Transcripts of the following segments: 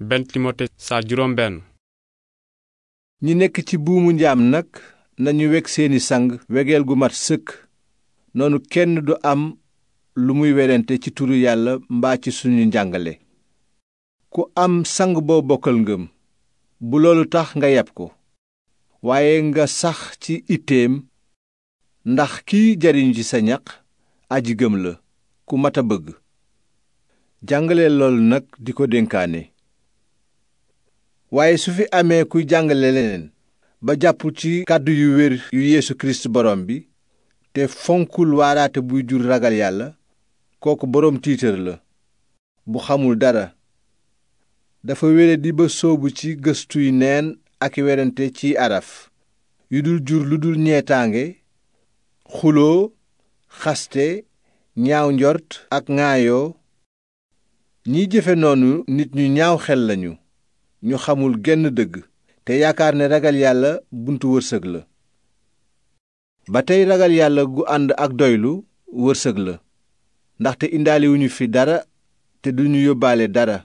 benn timote saa juróom benn ñi nekk ci buumu njaam nag nañu weg seeni sang wegeel gu mat sëkk noonu kenn du am lu muy werante ci turu yàlla mbaa ci suñu njàngale ku am sang boo bokkal ngëm bu loolu tax nga yab ko waaye nga sax ci itteem ndax kiy jariñu ci sa ñaq aji gëm la ku mat a bëgg jàngale loolu nag di ko dénkaane waaye su fi amee kuy jàngale leneen ba jàppul ci kàddu yu wér yu Yeesu Kirist borom bi te fonkul waaraate buy jur ragal yàlla kooku boroom tiitër la bu xamul dara dafa wére di ba sóobu ci gëstuy neen ak werante ci araf yu dul jur lu dul ñeetaange xuloo xaste ñaaw njort ak ŋaayoo ñiy jëfe noonu nit ñu ñaaw xel lañu ñu xamul genn dëgg te yaakaar ne ragal yàlla buntu wërsëg la ba tey ragal yàlla gu ànd ak doylu wërsëg la ndaxte indaaliwuñu fi dara te duñu yóbbaale dara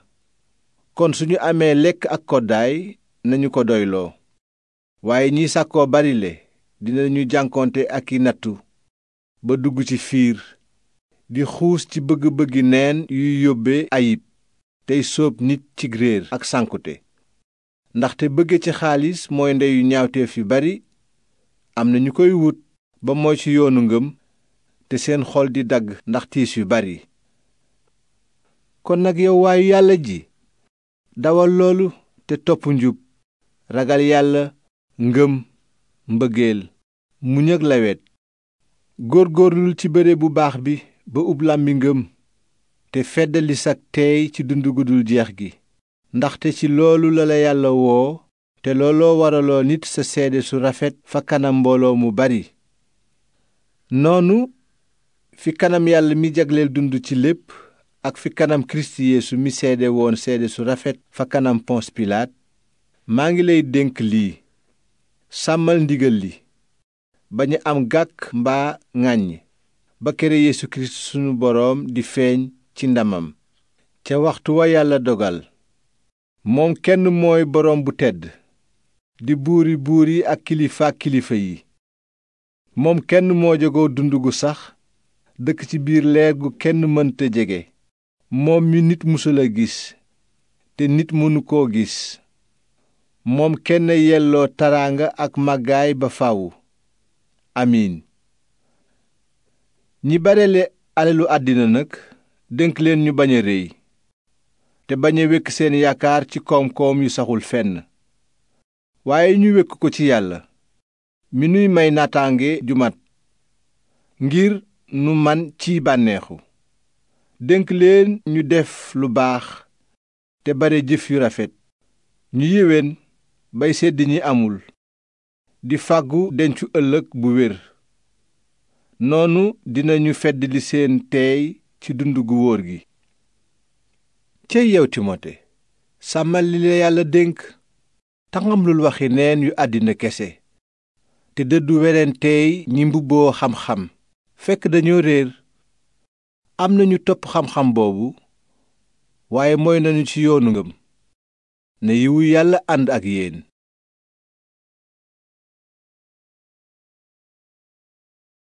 kon suñu amee lekk ak koddaay nañu ko doyloo waaye ñi sàkkoo barile dinañu jànkonte ak i nattu ba dugg ci fiir di xuus ci bëgg-bëggi neen yuy yóbbe ayib tey sóob nit ci réer ak sànkute ndaxte bëgge ci xaalis mooy ndeyu ñaawteef yu bari am na ñu koy wut ba mooy ci yoonu ngëm te seen xol di dagg ndax tiis yu bari kon nag yow waayu yàlla ji dawal loolu te topp njub ragal yàlla ngëm mbëggeel mu ak lawet góorgóorlul ci bëre bu baax bi ba ub làmbi ngëm te feddali sag teey ci dund gu jeex gi ndaxte ci loolu la la yàlla woo te looloo waraloo nit sa seede su rafet fa kanam mbooloo mu bari noonu fi kanam yàlla mi jagleel dund ci lépp ak fi kanam kirist yeesu mi seede woon seede su rafet fa kanam pons pilaat maa ngi lay dénk lii sàmmal ndigal li bañu am gàkk mbaa ŋàññ ba kër yeesu kirist sunu boroom di feeñ ci ndamam ca waxtu wa yàlla dogal moom kenn mooy boroom bu tedd di buuri buur yi ak kilifa kilifa yi moom kenn moo jegoo dund gu sax dëkk ci biir leer gu kenn mënta jege moom mi nit musul gis te nit mënu koo gis moom kenn yelloo taraanga ak màggaay ba faw amiin ñi barele alelu àddina nag dénk leen ñu bañ a réy te bañ a seen yaakaar ci koom-koom yu saxul fenn waaye ñu wekk ko ci yàlla mi nuy may naataange ju mat ngir nu man ci bànneexu dénk leen ñu def lu baax te bare jëf yu rafet ñu yéwén bay sedd ñi amul di fàggu dencu ëllëg bu wér noonu dinañu fedd li seen teey ci dund gu wóor gi céy yow timote sàmmal la yàlla dénk tangamlul waxi neen yu àddina kese te dëddu werenteey ñi mbubboo xam-xam fekk dañoo réer am nañu topp xam-xam boobu waaye mooy nañu ci yoonu ngëm ne yiwu yàlla ànd ak yéen